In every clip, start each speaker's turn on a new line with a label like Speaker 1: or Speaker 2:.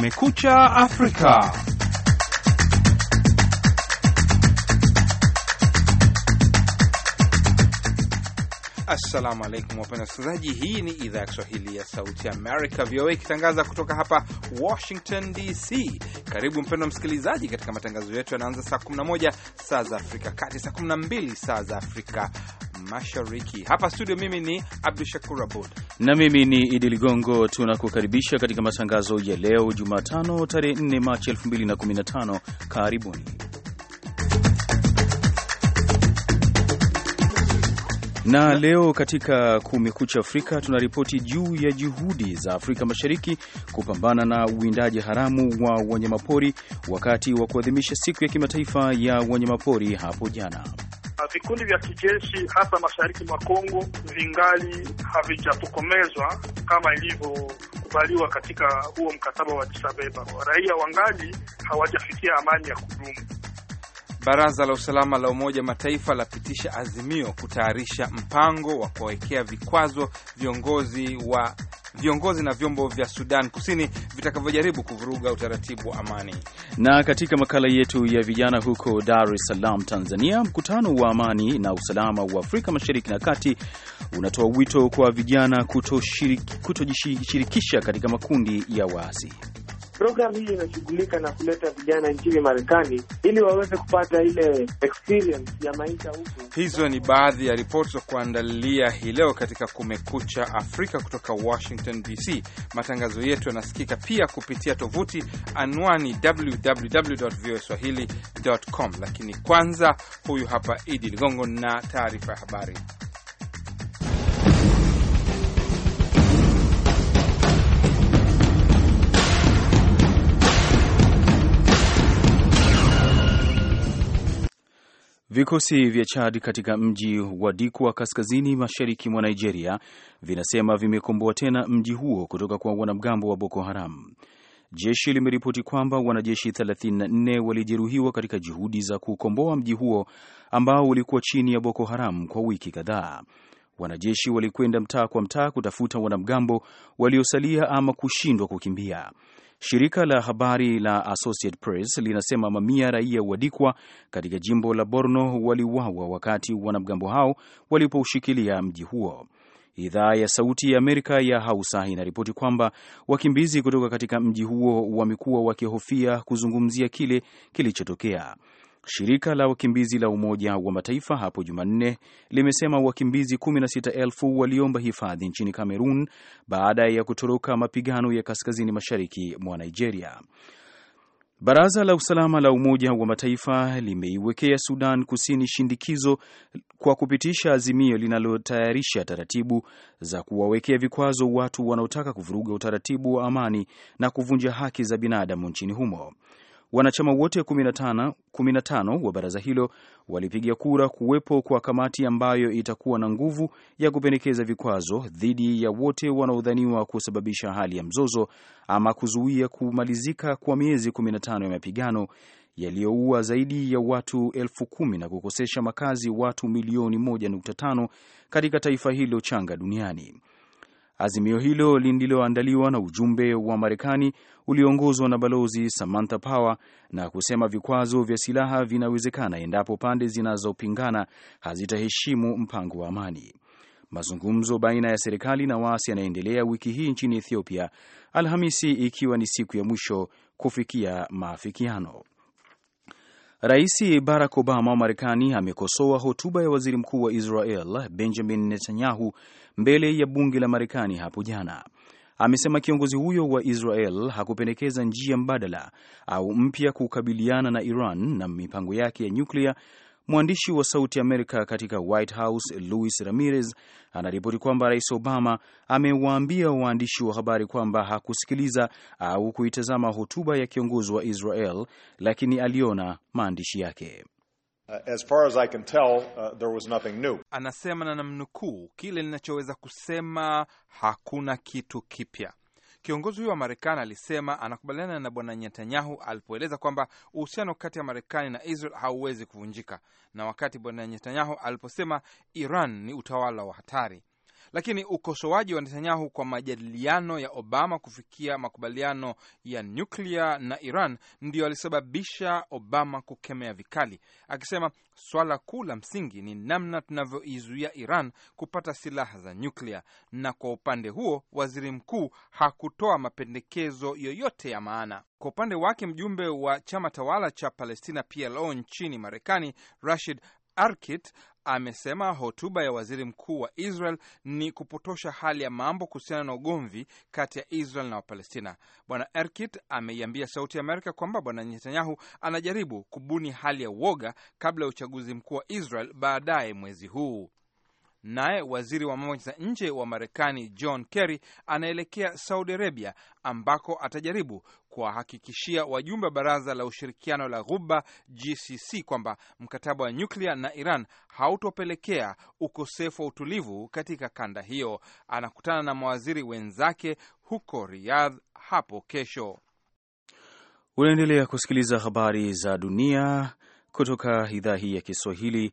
Speaker 1: Kumekucha Afrika. Assalamu alaikum wapenda wasikilizaji, hii ni idhaa ya Kiswahili ya Sauti Amerika, VOA, ikitangaza kutoka hapa Washington DC. Karibu mpendwa msikilizaji, katika matangazo yetu yanaanza saa 11 saa za Afrika kati, saa 12 saa za Afrika Mashariki. Hapa studio, mimi ni Abdu Shakur Abud
Speaker 2: na mimi ni Idi Ligongo. Tunakukaribisha katika matangazo ya leo Jumatano, tarehe 4 Machi 2015. Karibuni. na leo katika Kumekucha Afrika tunaripoti juu ya juhudi za Afrika Mashariki kupambana na uwindaji haramu wa wanyamapori wakati wa kuadhimisha siku ya kimataifa ya wanyamapori hapo jana.
Speaker 3: Ah, vikundi vya kijeshi hasa mashariki mwa Kongo vingali havijatokomezwa kama ilivyokubaliwa katika huo mkataba wa Addis Ababa. Raia wangali hawajafikia amani ya kudumu.
Speaker 1: Baraza la Usalama la Umoja Mataifa lapitisha azimio kutayarisha mpango wa kuwawekea vikwazo viongozi wa viongozi na vyombo vya Sudan Kusini vitakavyojaribu kuvuruga utaratibu wa amani.
Speaker 2: Na katika makala yetu ya vijana huko Dar es Salaam, Tanzania, mkutano wa amani na usalama wa Afrika Mashariki na Kati unatoa wito kwa vijana kutojishirikisha katika makundi ya
Speaker 1: waasi.
Speaker 4: Programu hii inashughulika na kuleta vijana nchini Marekani ili waweze kupata ile experience ya maisha huko.
Speaker 1: Hizo ni baadhi ya ripoti za kuandalia hii leo katika Kumekucha Afrika kutoka Washington DC. Matangazo yetu yanasikika pia kupitia tovuti anwani www voa www.voaswahili.com, lakini kwanza, huyu hapa Idi Ligongo na taarifa ya habari.
Speaker 2: Vikosi vya Chad katika mji wa Dikwa kaskazini mashariki mwa Nigeria vinasema vimekomboa tena mji huo kutoka kwa wanamgambo wa Boko Haram. Jeshi limeripoti kwamba wanajeshi 34 walijeruhiwa katika juhudi za kukomboa mji huo ambao ulikuwa chini ya Boko Haram kwa wiki kadhaa. Wanajeshi walikwenda mtaa kwa mtaa kutafuta wanamgambo waliosalia ama kushindwa kukimbia. Shirika la habari la Associate Press linasema mamia raia wadikwa katika jimbo la Borno waliuawa wakati wanamgambo hao walipoushikilia mji huo. Idhaa ya Sauti ya Amerika ya Hausa inaripoti kwamba wakimbizi kutoka katika mji huo wamekuwa wakihofia kuzungumzia kile kilichotokea. Shirika la wakimbizi la Umoja wa Mataifa hapo Jumanne limesema wakimbizi 16,000 waliomba hifadhi nchini Kamerun baada ya kutoroka mapigano ya kaskazini mashariki mwa Nigeria. Baraza la Usalama la Umoja wa Mataifa limeiwekea Sudan Kusini shindikizo kwa kupitisha azimio linalotayarisha taratibu za kuwawekea vikwazo watu wanaotaka kuvuruga utaratibu wa amani na kuvunja haki za binadamu nchini humo. Wanachama wote 15, 15 wa baraza hilo walipiga kura kuwepo kwa kamati ambayo itakuwa na nguvu ya kupendekeza vikwazo dhidi ya wote wanaodhaniwa kusababisha hali ya mzozo ama kuzuia kumalizika kwa miezi 15 ya mapigano yaliyoua zaidi ya watu elfu kumi na kukosesha makazi watu milioni 1.5 katika taifa hilo changa duniani. Azimio hilo lililoandaliwa na ujumbe wa Marekani ulioongozwa na Balozi Samantha Power na kusema vikwazo vya silaha vinawezekana endapo pande zinazopingana hazitaheshimu mpango wa amani. Mazungumzo baina ya serikali na waasi yanaendelea wiki hii nchini Ethiopia, Alhamisi ikiwa ni siku ya mwisho kufikia maafikiano. Rais Barack Obama wa Marekani amekosoa hotuba ya waziri mkuu wa Israel Benjamin Netanyahu mbele ya bunge la Marekani hapo jana. Amesema kiongozi huyo wa Israel hakupendekeza njia mbadala au mpya kukabiliana na Iran na mipango yake ya nyuklia. Mwandishi wa Sauti Amerika katika White House Luis Ramirez anaripoti kwamba Rais Obama amewaambia waandishi wa habari kwamba hakusikiliza au kuitazama hotuba ya kiongozi wa Israel, lakini aliona maandishi yake.
Speaker 1: Uh, as far as I can tell, uh, there was nothing new. Anasema na namnukuu, kile ninachoweza kusema hakuna kitu kipya. Kiongozi huyo wa Marekani alisema anakubaliana na Bwana Netanyahu alipoeleza kwamba uhusiano kati ya Marekani na Israel hauwezi kuvunjika, na wakati Bwana Netanyahu aliposema Iran ni utawala wa hatari. Lakini ukosoaji wa Netanyahu kwa majadiliano ya Obama kufikia makubaliano ya nyuklia na Iran ndio alisababisha Obama kukemea vikali, akisema swala kuu la msingi ni namna tunavyoizuia Iran kupata silaha za nyuklia, na kwa upande huo waziri mkuu hakutoa mapendekezo yoyote ya maana. Kwa upande wake mjumbe wa chama tawala cha Palestina PLO nchini Marekani Rashid Arkit amesema hotuba ya waziri mkuu wa Israel ni kupotosha hali ya mambo kuhusiana na ugomvi kati ya Israel na Wapalestina. Bwana Erkit ameiambia Sauti ya Amerika kwamba Bwana Netanyahu anajaribu kubuni hali ya uoga kabla ya uchaguzi mkuu wa Israel baadaye mwezi huu. Naye waziri wa mambo za nje wa Marekani John Kerry anaelekea Saudi Arabia, ambako atajaribu kuwahakikishia wajumbe wa baraza la ushirikiano la Ghuba GCC kwamba mkataba wa nyuklia na Iran hautopelekea ukosefu wa utulivu katika kanda hiyo. Anakutana na mawaziri wenzake huko Riyadh hapo kesho.
Speaker 2: Unaendelea kusikiliza habari za dunia kutoka idhaa hii ya Kiswahili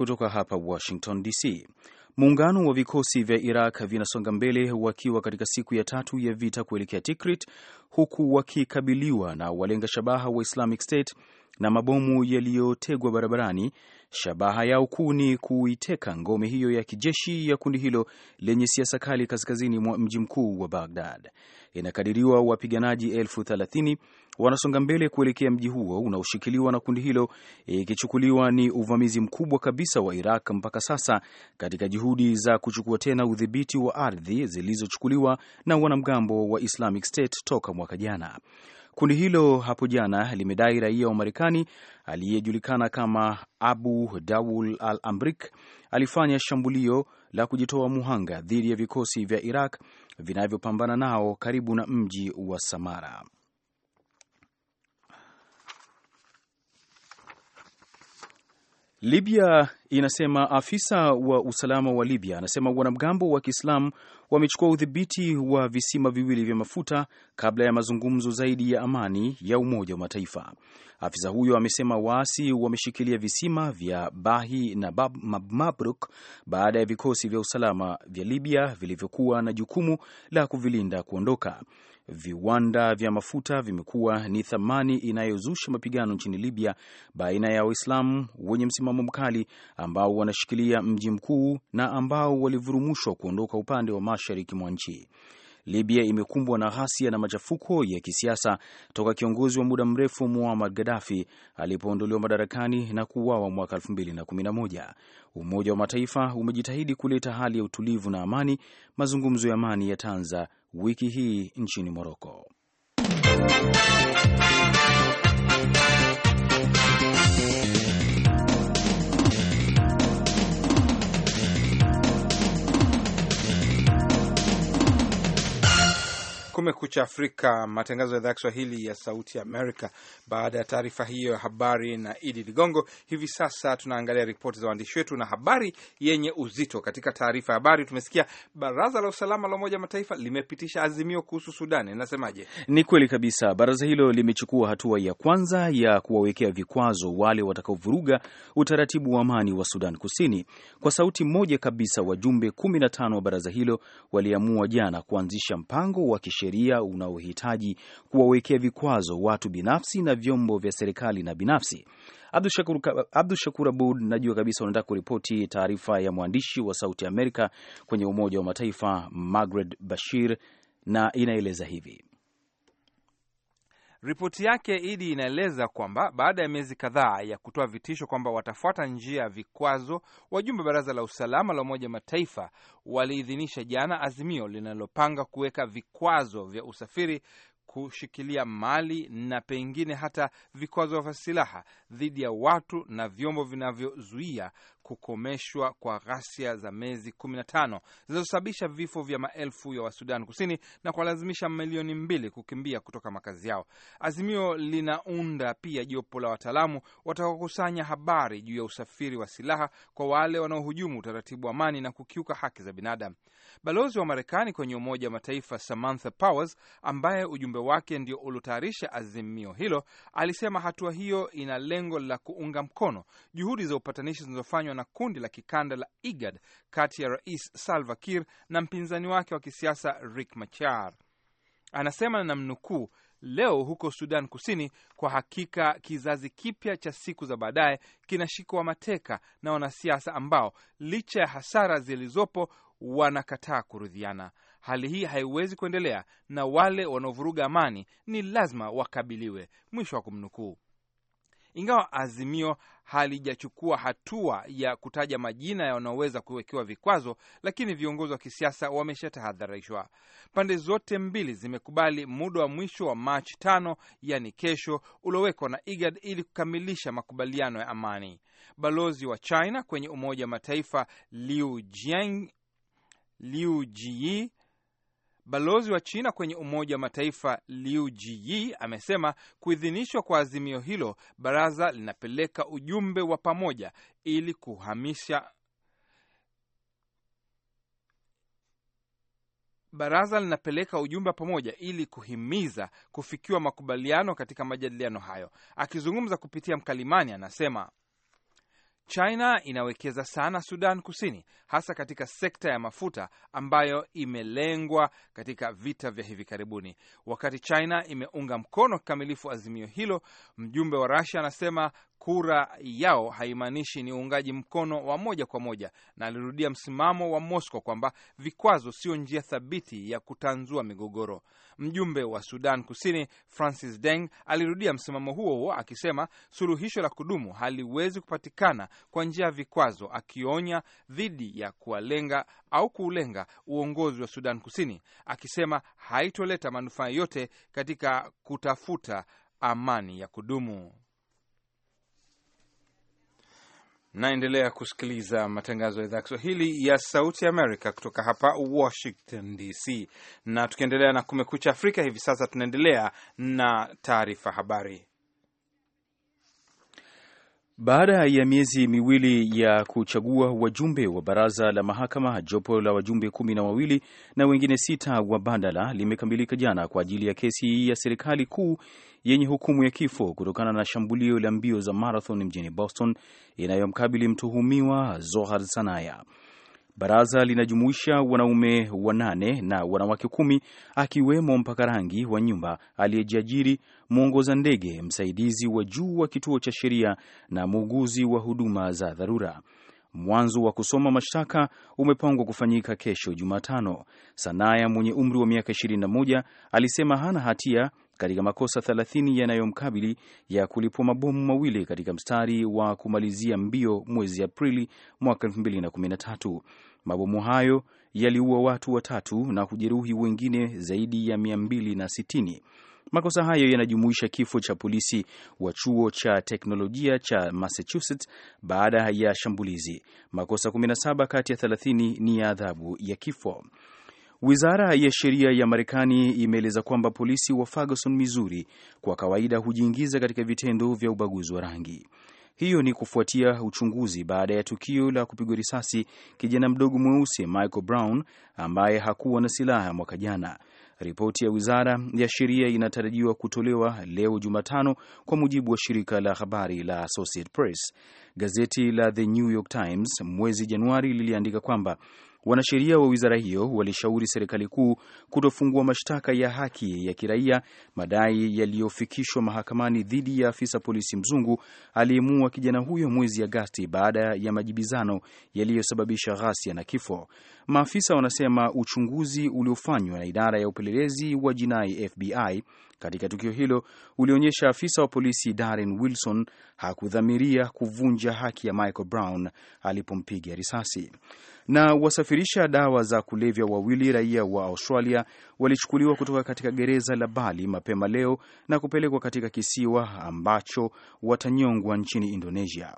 Speaker 2: kutoka hapa Washington DC. Muungano wa vikosi vya Iraq vinasonga mbele wakiwa katika siku ya tatu ya vita kuelekea Tikrit, huku wakikabiliwa na walenga shabaha wa Islamic State na mabomu yaliyotegwa barabarani. Shabaha yao kuu ni kuiteka ngome hiyo ya kijeshi ya kundi hilo lenye siasa kali kaskazini mwa mji mkuu wa bagdad Inakadiriwa wapiganaji elfu thelathini wanasonga mbele kuelekea mji huo unaoshikiliwa na kundi hilo, ikichukuliwa ni uvamizi mkubwa kabisa wa Iraq mpaka sasa katika juhudi za kuchukua tena udhibiti wa ardhi zilizochukuliwa na wanamgambo wa Islamic State toka mwaka jana. Kundi hilo hapo jana limedai raia wa Marekani aliyejulikana kama Abu Dawul al Amrik alifanya shambulio la kujitoa muhanga dhidi ya vikosi vya Iraq vinavyopambana nao karibu na mji wa Samara. Libya inasema, afisa wa usalama wa Libya anasema wanamgambo wa Kiislamu wamechukua udhibiti wa visima viwili vya mafuta kabla ya mazungumzo zaidi ya amani ya Umoja wa Mataifa. Afisa huyo amesema waasi wameshikilia visima vya Bahi na Mabruk baada ya vikosi vya usalama vya Libya vilivyokuwa na jukumu la kuvilinda kuondoka viwanda vya mafuta vimekuwa ni thamani inayozusha mapigano nchini Libya baina ya Waislamu wenye msimamo mkali ambao wanashikilia mji mkuu na ambao walivurumushwa kuondoka upande wa mashariki mwa nchi. Libya imekumbwa na ghasia na machafuko ya kisiasa toka kiongozi wa muda mrefu Muammar Gaddafi alipoondoliwa madarakani na kuuawa mwaka 2011. Umoja wa Mataifa umejitahidi kuleta hali ya utulivu na amani. Mazungumzo ya amani yataanza wiki hii nchini Moroko.
Speaker 1: Kumekucha Afrika, matangazo ya idhaa ya Kiswahili ya Sauti ya Amerika. Baada ya taarifa hiyo ya habari na Idi Ligongo, hivi sasa tunaangalia ripoti za waandishi wetu na habari yenye uzito. Katika taarifa ya habari tumesikia baraza la usalama la Umoja Mataifa limepitisha azimio kuhusu Sudan. Inasemaje? Ni
Speaker 2: kweli kabisa, baraza hilo limechukua hatua ya kwanza ya kuwawekea vikwazo wale watakaovuruga utaratibu wa amani wa Sudan Kusini. Kwa sauti moja kabisa, wajumbe 15 wa baraza hilo waliamua jana kuanzisha mpango wa kisheria kisheria unaohitaji kuwawekea vikwazo watu binafsi na vyombo vya serikali na binafsi. Abdu Shakur, Abdu Shakur Abud, najua kabisa unataka kuripoti taarifa ya mwandishi wa Sauti Amerika kwenye Umoja wa Mataifa Margaret Bashir, na inaeleza hivi.
Speaker 1: Ripoti yake Idi inaeleza kwamba baada ya miezi kadhaa ya kutoa vitisho kwamba watafuata njia ya vikwazo, wajumbe baraza la usalama la Umoja Mataifa waliidhinisha jana azimio linalopanga kuweka vikwazo vya usafiri kushikilia mali na pengine hata vikwazo vya silaha dhidi ya watu na vyombo vinavyozuia kukomeshwa kwa ghasia za miezi 15 zinazosababisha vifo vya maelfu ya Wasudan Kusini na kuwalazimisha milioni mbili kukimbia kutoka makazi yao. Azimio linaunda pia jopo la wataalamu watakaokusanya habari juu ya usafiri wa silaha kwa wale wanaohujumu utaratibu wa amani na kukiuka haki za binadamu. Balozi wa Marekani kwenye Umoja wa Mataifa Samantha Powers ambaye ujumbe wake ndio uliotayarisha azimio hilo, alisema hatua hiyo ina lengo la kuunga mkono juhudi za upatanishi zinazofanywa na kundi la kikanda la IGAD kati ya Rais Salva Kiir na mpinzani wake wa kisiasa Riek Machar. Anasema na mnukuu, leo huko Sudan Kusini, kwa hakika kizazi kipya cha siku za baadaye kinashikwa mateka na wanasiasa ambao licha ya hasara zilizopo wanakataa kuridhiana. Hali hii haiwezi kuendelea na wale wanaovuruga amani ni lazima wakabiliwe. Mwisho wa kumnukuu. Ingawa azimio halijachukua hatua ya kutaja majina ya wanaoweza kuwekewa vikwazo, lakini viongozi wa kisiasa wameshatahadharishwa. Pande zote mbili zimekubali muda wa mwisho wa Machi tano, yani kesho, uliowekwa na IGAD ili kukamilisha makubaliano ya amani. Balozi wa China kwenye Umoja wa Mataifa Liu Jiang Liu Jii Balozi wa China kwenye Umoja wa Mataifa Liu Jiyi amesema kuidhinishwa kwa azimio hilo, baraza linapeleka ujumbe wa pamoja ili kuhamisha Baraza linapeleka ujumbe pamoja ili kuhimiza kufikiwa makubaliano katika majadiliano hayo. Akizungumza kupitia mkalimani, anasema China inawekeza sana Sudan Kusini, hasa katika sekta ya mafuta ambayo imelengwa katika vita vya hivi karibuni. Wakati China imeunga mkono kikamilifu azimio hilo, mjumbe wa rasia anasema kura yao haimaanishi ni uungaji mkono wa moja kwa moja, na alirudia msimamo wa Moscow kwamba vikwazo sio njia thabiti ya kutanzua migogoro. Mjumbe wa Sudan Kusini Francis Deng alirudia msimamo huo huo akisema suluhisho la kudumu haliwezi kupatikana kwa njia ya vikwazo, akionya dhidi ya kuwalenga au kuulenga uongozi wa Sudan Kusini, akisema haitoleta manufaa yote katika kutafuta amani ya kudumu. Naendelea kusikiliza matangazo ya idhaa ya Kiswahili ya Sauti Amerika kutoka hapa Washington DC, na tukiendelea na Kumekucha Afrika hivi sasa, tunaendelea na taarifa habari
Speaker 2: baada ya miezi miwili ya kuchagua wajumbe wa baraza la mahakama, jopo la wajumbe kumi na wawili na wengine sita wa bandala limekamilika jana kwa ajili ya kesi ya serikali kuu yenye hukumu ya kifo kutokana na shambulio la mbio za marathon mjini Boston inayomkabili mtuhumiwa Zohar Sanaya. Baraza linajumuisha wanaume wanane na wanawake kumi akiwemo mpaka rangi wa nyumba aliyejiajiri mwongoza ndege, msaidizi wa juu wa kituo cha sheria na muuguzi wa huduma za dharura. Mwanzo wa kusoma mashtaka umepangwa kufanyika kesho Jumatano. Sanaya mwenye umri wa miaka 21 alisema hana hatia katika makosa 30 yanayomkabili ya kulipua mabomu mawili katika mstari wa kumalizia mbio mwezi Aprili mwaka 2013. Mabomu hayo yaliua watu watatu na kujeruhi wengine zaidi ya 260 Makosa hayo yanajumuisha kifo cha polisi wa chuo cha teknolojia cha Massachusetts baada ya shambulizi. Makosa 17 kati ya 30 ni ya adhabu ya kifo. Wizara ya sheria ya Marekani imeeleza kwamba polisi wa Ferguson, Missouri, kwa kawaida hujiingiza katika vitendo vya ubaguzi wa rangi. Hiyo ni kufuatia uchunguzi baada ya tukio la kupigwa risasi kijana mdogo mweusi Michael Brown ambaye hakuwa na silaha mwaka jana. Ripoti ya wizara ya sheria inatarajiwa kutolewa leo Jumatano, kwa mujibu wa shirika la habari la Associated Press. Gazeti la The New York Times mwezi Januari liliandika kwamba Wanasheria wa wizara hiyo walishauri serikali kuu kutofungua mashtaka ya haki ya kiraia, madai yaliyofikishwa mahakamani dhidi ya afisa polisi mzungu aliyemuua kijana huyo mwezi Agasti baada ya majibizano yaliyosababisha ghasia na kifo. Maafisa wanasema uchunguzi uliofanywa na idara ya upelelezi wa jinai FBI katika tukio hilo ulionyesha afisa wa polisi Darren Wilson hakudhamiria kuvunja haki ya Michael Brown alipompiga risasi. Na wasafirisha dawa za kulevya wawili raia wa Australia walichukuliwa kutoka katika gereza la Bali mapema leo na kupelekwa katika kisiwa ambacho watanyongwa nchini Indonesia.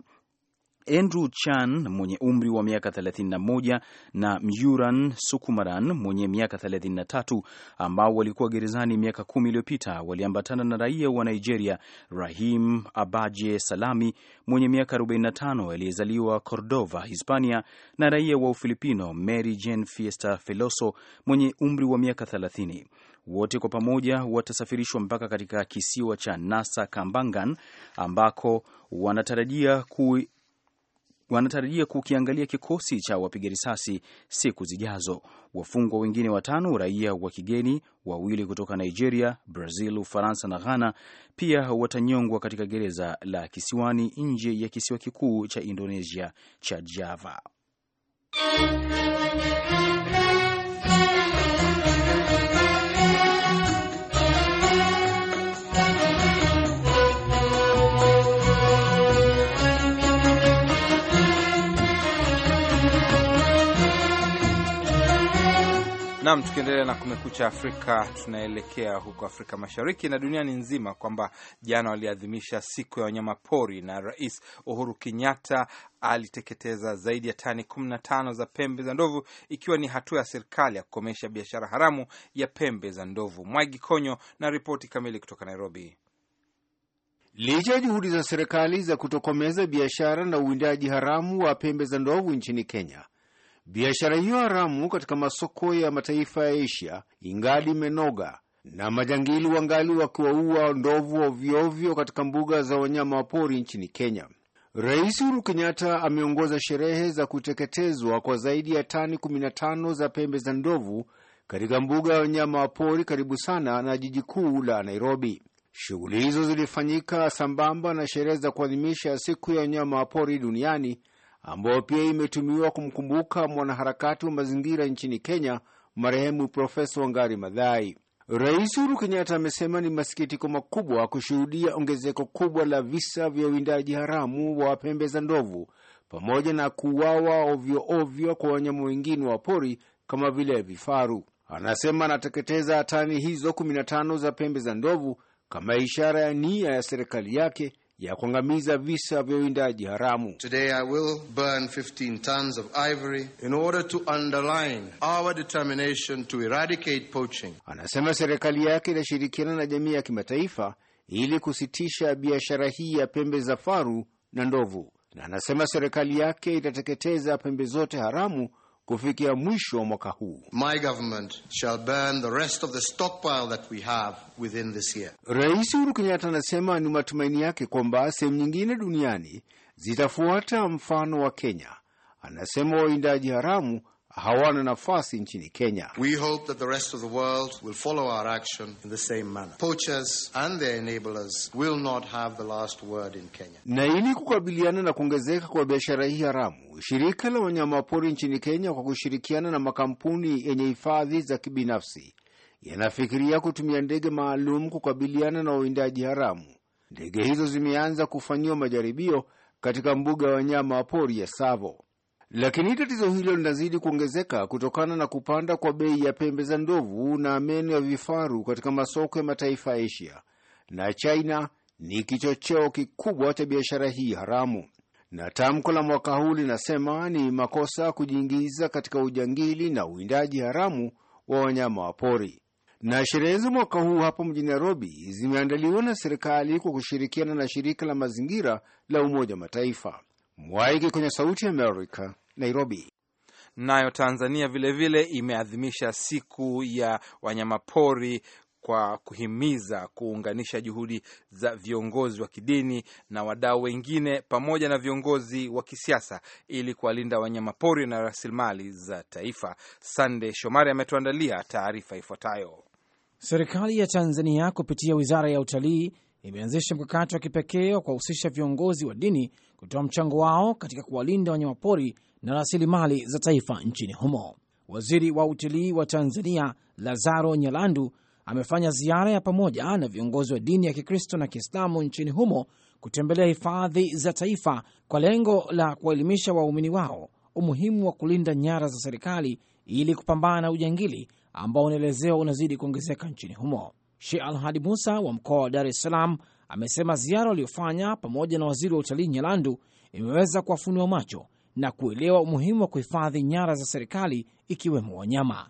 Speaker 2: Andrew Chan mwenye umri wa miaka 31 na Myuran Sukumaran mwenye miaka 33 ambao walikuwa gerezani miaka kumi iliyopita waliambatana na raia wa Nigeria Rahim Abaje Salami mwenye miaka 45 aliyezaliwa Cordova, Hispania na raia wa Ufilipino Mary Jane Fiesta Feloso mwenye umri wa miaka 30. Wote kwa pamoja watasafirishwa mpaka katika kisiwa cha Nasa Kambangan ambako wanatarajia ku wanatarajia kukiangalia kikosi cha wapiga risasi siku zijazo. Wafungwa wengine watano, raia wa kigeni wawili kutoka Nigeria, Brazil, Ufaransa na Ghana, pia watanyongwa katika gereza la kisiwani nje ya kisiwa kikuu cha Indonesia cha Java.
Speaker 1: Nam, tukiendelea na Kumekucha Afrika, tunaelekea huko Afrika Mashariki na duniani nzima, kwamba jana waliadhimisha siku ya wanyama pori, na Rais Uhuru Kenyatta aliteketeza zaidi ya tani 15 za pembe za ndovu, ikiwa ni hatua ya serikali ya kukomesha biashara haramu ya pembe za ndovu. Mwagi Konyo na ripoti kamili kutoka Nairobi. Licha ya juhudi za serikali za kutokomeza biashara
Speaker 5: na uwindaji haramu wa pembe za ndovu nchini Kenya, Biashara hiyo haramu katika masoko ya mataifa ya Asia ingali menoga na majangili wangali wakiwaua ndovu ovyoovyo katika mbuga za wanyama wa pori nchini Kenya. Rais Uhuru Kenyatta ameongoza sherehe za kuteketezwa kwa zaidi ya tani 15 za pembe za ndovu katika mbuga ya wanyama wa pori karibu sana na jiji kuu la Nairobi. Shughuli hizo zilifanyika sambamba na sherehe za kuadhimisha siku ya wanyama wa pori duniani ambayo pia imetumiwa kumkumbuka mwanaharakati wa mazingira nchini Kenya, marehemu Profesa Wangari Madhai. Rais Uhuru Kenyatta amesema ni masikitiko makubwa kushuhudia ongezeko kubwa la visa vya uwindaji haramu wa pembe za ndovu pamoja na kuuawa ovyoovyo kwa wanyama wengine wa pori kama vile vifaru. Anasema anateketeza tani hizo 15 za pembe za ndovu kama ishara ya nia ya serikali yake ya kuangamiza visa vya uwindaji haramu.
Speaker 2: Today I will burn 15 tons of ivory in order to underline
Speaker 5: our determination to eradicate poaching. Anasema serikali yake inashirikiana na jamii ya kimataifa ili kusitisha biashara hii ya pembe za faru na ndovu, na anasema serikali yake itateketeza pembe zote haramu kufikia mwisho wa mwaka huu.
Speaker 2: My government shall burn the rest of the stockpile that we have within this
Speaker 5: year. Rais Uhuru Kenyatta anasema ni matumaini yake kwamba sehemu nyingine duniani zitafuata mfano wa Kenya. Anasema wawindaji haramu hawana nafasi nchini Kenya.
Speaker 2: We hope that the rest of the world will follow our action in the same manner. Poachers and their enablers will not have the last word in Kenya.
Speaker 5: Na ili kukabiliana na kuongezeka kwa biashara hii haramu, shirika la wanyamapori nchini Kenya kwa kushirikiana na makampuni yenye hifadhi za kibinafsi yanafikiria kutumia ndege maalum kukabiliana na uwindaji haramu. Ndege hizo zimeanza kufanyiwa majaribio katika mbuga ya wanyama wa pori ya Tsavo. Lakini tatizo hilo linazidi kuongezeka kutokana na kupanda kwa bei ya pembe za ndovu na meno ya vifaru katika masoko ya mataifa ya Asia, na China ni kichocheo kikubwa cha biashara hii haramu. Na tamko la mwaka huu linasema ni makosa kujiingiza katika ujangili na uwindaji haramu wa wanyama wa pori. Na sherehe za mwaka huu hapo mjini Nairobi zimeandaliwa na serikali kwa kushirikiana na shirika la mazingira la Umoja wa Mataifa. Mwaiki kwenye Sauti ya Amerika, Nairobi.
Speaker 1: Nayo Tanzania vilevile vile imeadhimisha siku ya wanyamapori kwa kuhimiza kuunganisha juhudi za viongozi wa kidini na wadau wengine pamoja na viongozi wa kisiasa ili kuwalinda wanyamapori na rasilimali za taifa. Sande Shomari ametuandalia taarifa ifuatayo.
Speaker 6: Serikali ya Tanzania kupitia Wizara ya Utalii imeanzisha mkakati wa kipekee wa kuwahusisha viongozi wa dini kutoa mchango wao katika kuwalinda wanyamapori na rasilimali za taifa nchini humo. Waziri wa utalii wa Tanzania Lazaro Nyalandu amefanya ziara ya pamoja na viongozi wa dini ya Kikristo na Kiislamu nchini humo kutembelea hifadhi za taifa kwa lengo la kuwaelimisha waumini wao umuhimu wa kulinda nyara za serikali ili kupambana na ujangili ambao unaelezewa unazidi kuongezeka nchini humo. Sheikh Alhadi Musa wa mkoa wa Dar es Salaam amesema ziara waliofanya pamoja na waziri wa utalii Nyalandu imeweza kuwafunua macho na kuelewa umuhimu wa kuhifadhi nyara za serikali ikiwemo wanyama.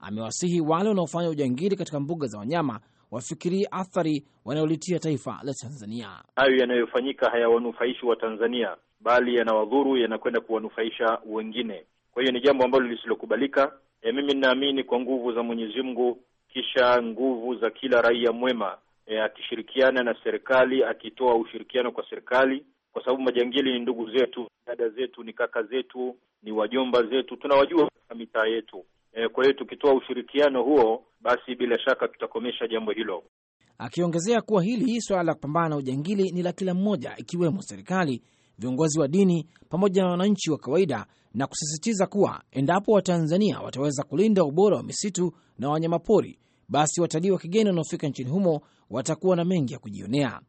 Speaker 6: Amewasihi wale wanaofanya ujangili katika mbuga za wanyama wafikirie athari wanayolitia taifa la Tanzania.
Speaker 3: Hayo yanayofanyika hayawanufaishi wa Tanzania, bali yanawadhuru, yanakwenda kuwanufaisha wengine. Kwa hiyo ni jambo ambalo lisilokubalika. E, mimi ninaamini kwa nguvu za Mwenyezi Mungu, kisha nguvu za kila raia mwema, e, akishirikiana na serikali, akitoa ushirikiano kwa serikali kwa sababu majangili ni ndugu zetu, dada zetu, ni kaka zetu, ni wajomba zetu, tunawajua katika mitaa yetu. E, kwa hiyo tukitoa ushirikiano huo, basi bila shaka tutakomesha jambo hilo.
Speaker 6: Akiongezea kuwa hili swala la kupambana na ujangili ni la kila mmoja, ikiwemo serikali, viongozi wa dini, pamoja na wananchi wa kawaida, na kusisitiza kuwa endapo Watanzania wataweza kulinda ubora wa misitu na wanyamapori, basi watalii wa kigeni wanaofika nchini humo watakuwa na mengi ya kujionea.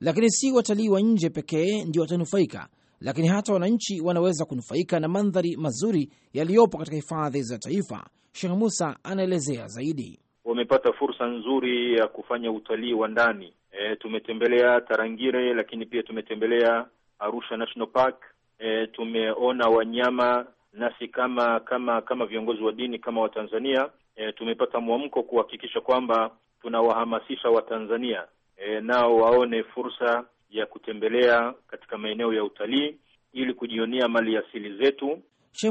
Speaker 6: Lakini si watalii wa nje pekee ndio watanufaika, lakini hata wananchi wanaweza kunufaika na mandhari mazuri yaliyopo katika hifadhi za taifa. Sheikh Musa anaelezea zaidi.
Speaker 3: Wamepata fursa nzuri ya kufanya utalii wa ndani. E, tumetembelea Tarangire, lakini pia tumetembelea Arusha National Park. E, tumeona wanyama nasi kama kama kama viongozi wa dini kama Watanzania e, tumepata mwamko kuhakikisha kwamba tunawahamasisha Watanzania e, nao waone fursa ya kutembelea katika maeneo ya utalii ili kujionea mali asili zetu.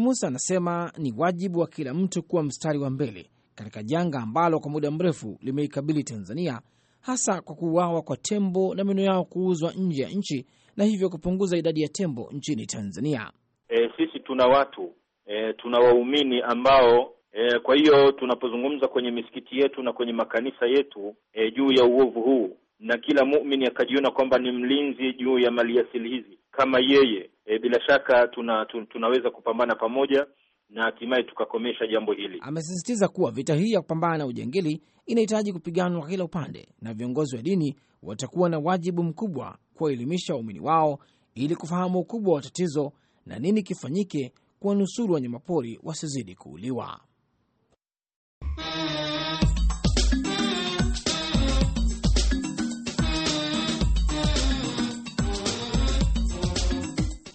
Speaker 6: musa anasema ni wajibu wa kila mtu kuwa mstari wa mbele katika janga ambalo kwa muda mrefu limeikabili Tanzania, hasa kwa kuuawa kwa tembo na meno yao kuuzwa nje ya nchi na hivyo kupunguza idadi ya tembo nchini Tanzania.
Speaker 3: E, sisi tuna watu e, tuna waumini ambao e, kwa hiyo tunapozungumza kwenye misikiti yetu na kwenye makanisa yetu e, juu ya uovu huu na kila mumin akajiona kwamba ni mlinzi juu ya maliasili hizi kama yeye e, bila shaka tuna, tuna, tunaweza kupambana pamoja na hatimaye tukakomesha jambo
Speaker 6: hili. Amesisitiza kuwa vita hii ya kupambana na ujangili inahitaji kupiganwa kwa kila upande, na viongozi wa dini watakuwa na wajibu mkubwa kuwaelimisha waumini wao ili kufahamu ukubwa wa tatizo na nini kifanyike kuwanusuru wanyamapori wasizidi kuuliwa.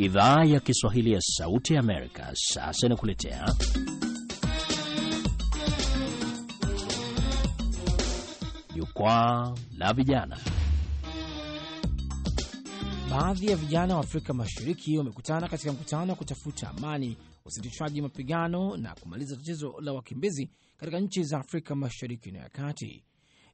Speaker 6: Idhaa ya Kiswahili ya Sauti ya Amerika sasa inakuletea Jukwaa la Vijana. Baadhi ya vijana wa Afrika Mashariki wamekutana katika mkutano wa kutafuta amani, usitishaji mapigano na kumaliza tatizo la wakimbizi katika nchi za Afrika Mashariki na ya Kati.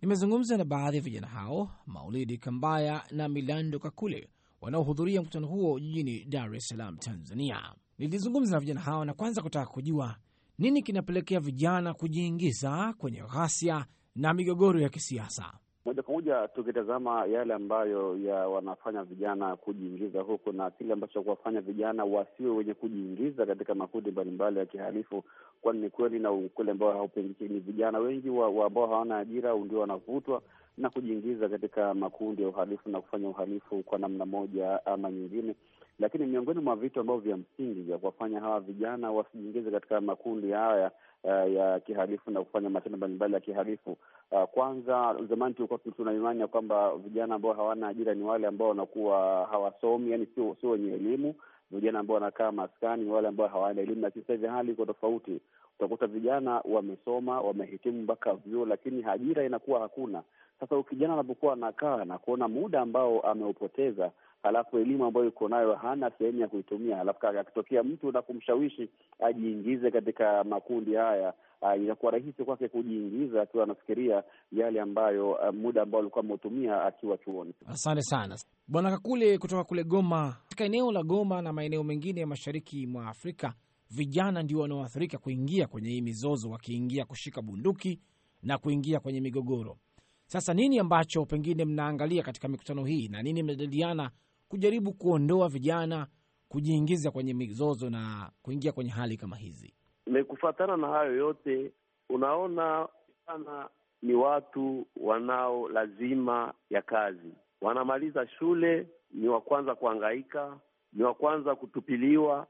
Speaker 6: Nimezungumza na baadhi ya vijana hao, Maulidi Kambaya na Milando Kakule, wanaohudhuria mkutano huo jijini Dar es Salaam, Tanzania. Nilizungumza na vijana hawa na kwanza kutaka kujua nini kinapelekea vijana kujiingiza kwenye ghasia na migogoro ya kisiasa.
Speaker 4: Moja kwa moja tukitazama yale ambayo ya wanafanya vijana kujiingiza huku na kile ambacho kuwafanya vijana wasiwe wenye kujiingiza katika makundi mbalimbali ya kihalifu, kwani ni kweli na ukweli ambao haupingiki, ni vijana wengi ambao wa, hawana ajira ndio wanavutwa na kujiingiza katika makundi ya uhalifu na kufanya uhalifu kwa namna moja ama nyingine. Lakini miongoni mwa vitu ambavyo vya msingi vya kuwafanya hawa vijana wasijiingize katika makundi haya uh, ya kihalifu na kufanya matendo mbalimbali ya kihalifu uh, kwanza, zamani tulikuwa tuna imani ya kwamba vijana ambao hawana ajira ni wale ambao wanakuwa hawasomi, yani sio wenye elimu, vijana ambao wanakaa maskani, wale ambao hawana elimu. Lakini sasa hivi hali iko tofauti utakuta vijana wamesoma, wamehitimu mpaka vyuo, lakini ajira inakuwa hakuna. Sasa kijana anapokuwa anakaa na kuona muda ambao ameupoteza, halafu elimu ambayo iko nayo hana sehemu ya kuitumia, halafu akitokea mtu na kumshawishi ajiingize katika makundi haya, ah, inakuwa rahisi kwake kujiingiza akiwa anafikiria yale ambayo ah, muda ambao alikuwa ameutumia akiwa chuoni.
Speaker 6: Asante sana Bwana Kakule kutoka kule Goma. Katika eneo la Goma na maeneo mengine ya mashariki mwa Afrika vijana ndio wanaoathirika kuingia kwenye hii mizozo, wakiingia kushika bunduki na kuingia kwenye migogoro. Sasa nini ambacho pengine mnaangalia katika mikutano hii na nini mnajadiliana kujaribu kuondoa vijana kujiingiza kwenye mizozo na kuingia kwenye hali kama hizi?
Speaker 4: Ni kufuatana na hayo yote, unaona sana ni watu wanao lazima ya kazi, wanamaliza shule, ni wa kwanza kuangaika, ni wa kwanza kutupiliwa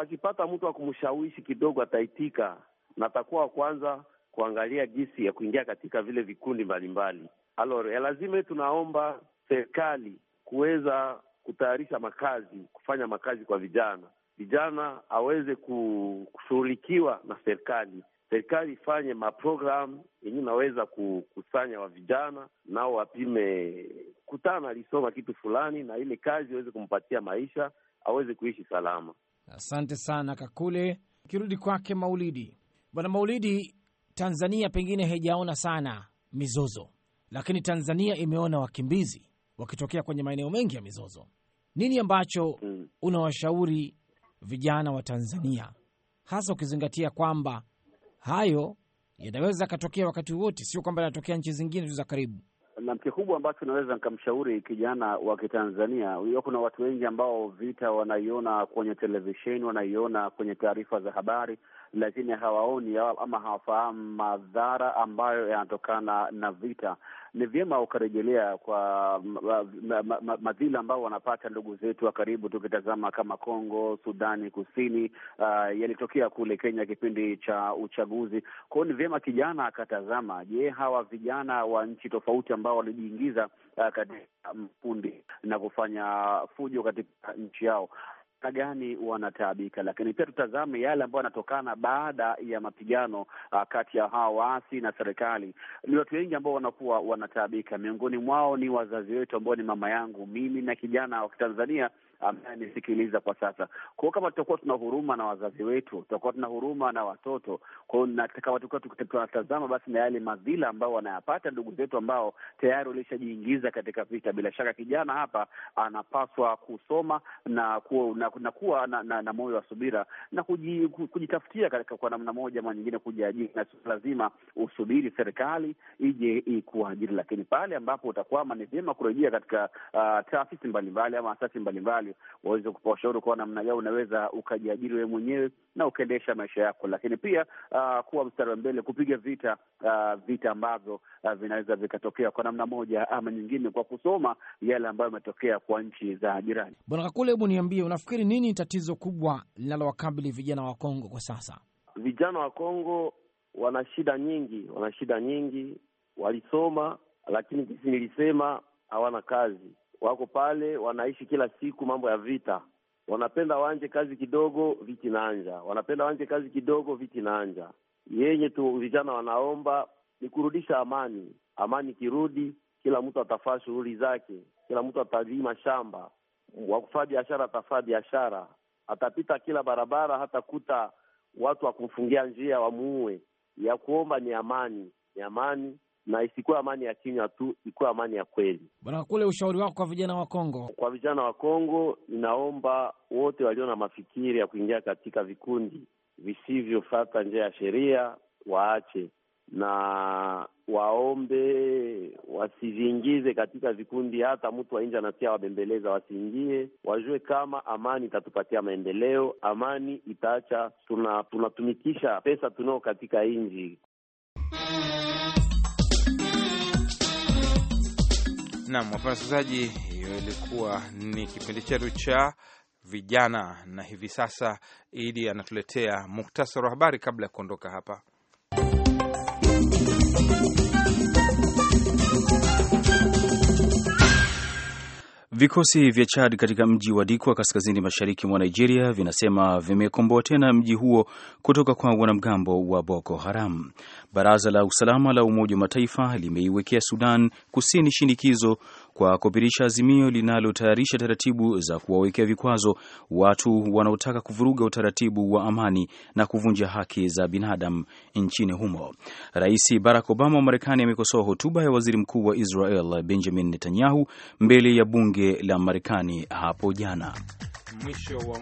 Speaker 4: akipata mtu wa kumshawishi kidogo, ataitika na atakuwa wa kwanza kuangalia jinsi ya kuingia katika vile vikundi mbalimbali. Alors lazima tunaomba serikali kuweza kutayarisha makazi, kufanya makazi kwa vijana, vijana aweze kushughulikiwa na serikali serikali ifanye maprogramu yenyewe inaweza kukusanya wa vijana nao wapime, kutana alisoma kitu fulani na ile kazi iweze kumpatia maisha, aweze kuishi salama.
Speaker 6: Asante sana Kakule. Kirudi kwake Maulidi, bwana Maulidi, Tanzania pengine haijaona sana mizozo, lakini Tanzania imeona wakimbizi wakitokea kwenye maeneo mengi ya mizozo. Nini ambacho hmm. unawashauri vijana wa Tanzania, hasa ukizingatia kwamba hayo yanaweza yakatokea wakati wote sio kwamba yanatokea nchi zingine tu za karibu? na
Speaker 4: kikubwa ambacho naweza nikamshauri kijana wa Kitanzania, unajua kuna watu wengi ambao vita wanaiona kwenye televisheni, wanaiona kwenye taarifa za habari, lakini hawaoni ama hawafahamu madhara ambayo yanatokana na vita ni vyema ukarejelea kwa madhila ma, ma, ma, ambao wanapata ndugu zetu wa karibu, tukitazama kama Kongo, Sudani Kusini, uh, yalitokea kule Kenya kipindi cha uchaguzi. Kwa hiyo ni vyema kijana akatazama, je, hawa vijana wa nchi tofauti ambao walijiingiza uh, katika mkundi na kufanya fujo katika nchi yao gani wanataabika, lakini pia tutazame yale ambayo yanatokana baada ya mapigano uh, kati ya hawa waasi na serikali. Ni watu wengi ambao wanakuwa wanataabika, miongoni mwao ni wazazi wetu ambao ni mama yangu mimi na kijana wa Kitanzania ambaye amesikiliza kwa sasa. Kwa hiyo kama tutakuwa tuna huruma na wazazi wetu, tutakuwa tuna huruma na watoto, kwa hiyo kama tunatazama basi na yale madhila ambao wanayapata ndugu zetu ambao tayari walishajiingiza katika vita, bila shaka kijana hapa anapaswa kusoma na kuwa na, na, na, na, na moyo wa subira na kuji, kujitafutia katika kwa namna moja ama nyingine kujiajiri, na sio lazima usubiri serikali ije ikuajiri, lakini pale ambapo utakwama ni vyema kurejea katika uh, taasisi mbalimbali ama asasi mbalimbali serikali waweze kupa ushauri kwa namna gao, unaweza ukajiajiri wewe mwenyewe na ukaendesha maisha yako, lakini pia uh, kuwa mstari wa mbele kupiga vita uh, vita ambavyo uh, vinaweza vikatokea kwa namna moja ama nyingine, kwa kusoma yale ambayo yametokea kwa nchi za jirani.
Speaker 6: Bwana Kakule, hebu niambie, unafikiri nini tatizo kubwa linalowakabili vijana wa Kongo kwa sasa?
Speaker 4: Vijana wa Kongo wana shida nyingi, wana shida nyingi, walisoma lakini kisi nilisema hawana kazi wako pale, wanaishi kila siku mambo ya vita. Wanapenda wanje kazi kidogo, viti naanja, wanapenda wanje kazi kidogo, viti naanja. Yenye tu vijana wanaomba ni kurudisha amani. Amani kirudi kila mtu atafaa shughuli zake, kila mtu atalima shamba, wakufaa biashara atafaa biashara, atapita kila barabara, hata kuta watu wa kumfungia njia wamuue. Ya kuomba ni amani, ni amani na isikuwe amani ya kinywa tu, ikuwe amani ya kweli.
Speaker 6: Bwana Kule, ushauri wako kwa vijana wa Kongo?
Speaker 4: Kwa vijana wa Kongo, inaomba wote walio na mafikiri ya kuingia katika vikundi visivyofata njia ya sheria waache na waombe wasiviingize katika vikundi. Hata mtu wa nje anatia wabembeleza, wasiingie. Wajue kama amani itatupatia maendeleo, amani itaacha tunatumikisha tuna pesa tunao katika
Speaker 1: nji Naam, wapenda wasikilizaji, hiyo ilikuwa ni kipindi chetu cha vijana, na hivi sasa Idi anatuletea muktasari wa habari kabla ya kuondoka hapa.
Speaker 2: Vikosi vya Chad katika mji wa Dikwa kaskazini mashariki mwa Nigeria vinasema vimekomboa tena mji huo kutoka kwa wanamgambo wa Boko Haram. Baraza la Usalama la Umoja wa Mataifa limeiwekea Sudan Kusini shinikizo kwa kupitisha azimio linalotayarisha taratibu za kuwawekea vikwazo watu wanaotaka kuvuruga utaratibu wa amani na kuvunja haki za binadamu nchini humo. Rais Barack Obama wa Marekani amekosoa hotuba ya waziri mkuu wa Israel Benjamin Netanyahu mbele ya bunge la Marekani hapo jana.
Speaker 1: Mwisho wa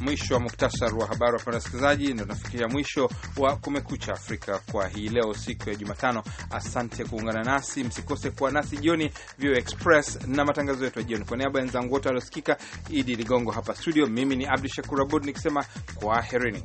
Speaker 1: Mwisho wa muktasar wa habari. Wapenda wasikilizaji, ndo tunafikiria mwisho wa Kumekucha Afrika kwa hii leo, siku ya Jumatano. Asante kuungana nasi, msikose kuwa nasi jioni VOA Express na matangazo yetu ya jioni. Kwa niaba ya wenzangu wote waliosikika, Idi Ligongo hapa studio, mimi ni Abdu Shakur Abud nikisema kwa herini